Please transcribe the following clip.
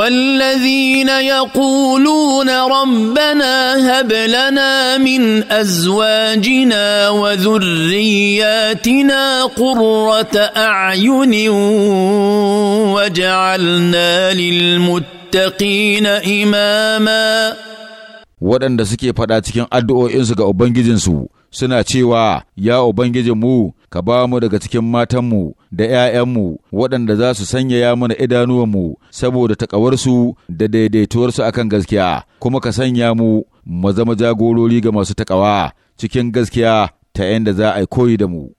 والذين يقولون ربنا هب لنا من ازواجنا وذرياتنا قره اعين وجعلنا للمتقين اماما waɗanda suke faɗa cikin addu'o'insu ga Ubangijinsu suna cewa, “Ya Ubangijinmu, ka ba mu daga cikin matanmu da ‘ya'yanmu waɗanda za su sanyaya mana idanuwanmu saboda taƙawarsu da daidaituwarsu akan gaskiya, kuma ka sanya mu mu zama jagorori ga masu taƙawa cikin gaskiya ta yadda za a yi koyi da mu.